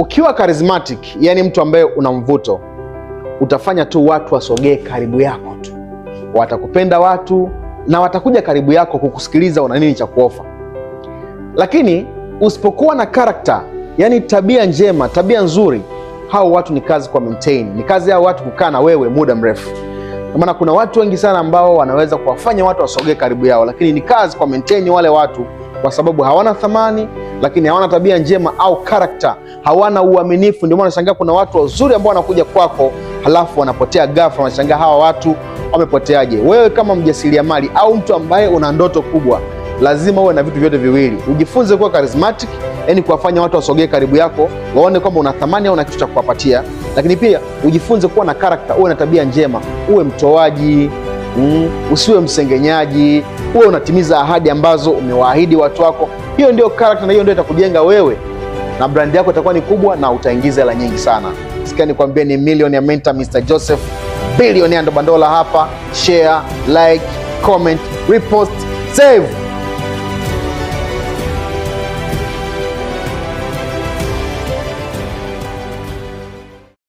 Ukiwa charismatic, yani mtu ambaye una mvuto, utafanya tu watu wasogee karibu yako tu, watakupenda watu na watakuja karibu yako kukusikiliza una nini cha kuofa. Lakini usipokuwa na karakta, yani tabia njema, tabia nzuri, hao watu ni kazi kwa maintain, ni kazi yao watu kukaa na wewe muda mrefu. Kwa maana kuna watu wengi sana ambao wanaweza kuwafanya watu wasogee karibu yao, lakini ni kazi kwa maintain wale watu, kwa sababu hawana thamani lakini hawana tabia njema au karakta, hawana uaminifu. Ndio maana unashangaa kuna watu wazuri ambao wanakuja kwako halafu wanapotea ghafla, wanashangaa hawa watu wamepoteaje? Wewe kama mjasiriamali au mtu ambaye una ndoto kubwa, lazima uwe na vitu vyote viwili. Ujifunze kuwa charismatic, yani kuwafanya watu wasogee karibu yako, waone kwamba una thamani au una kitu cha kuwapatia, lakini pia ujifunze kuwa na karakta, uwe na tabia njema, uwe mtoaji mm, usiwe msengenyaji uwe unatimiza ahadi ambazo umewaahidi watu wako. Hiyo ndio character na hiyo ndio itakujenga wewe, na brandi yako itakuwa ni kubwa na utaingiza hela nyingi sana. Sikia nikwambie, ni ya Mentor Mr Joseph, bilioni ndo Bandola hapa. Share, like, comment, repost, save.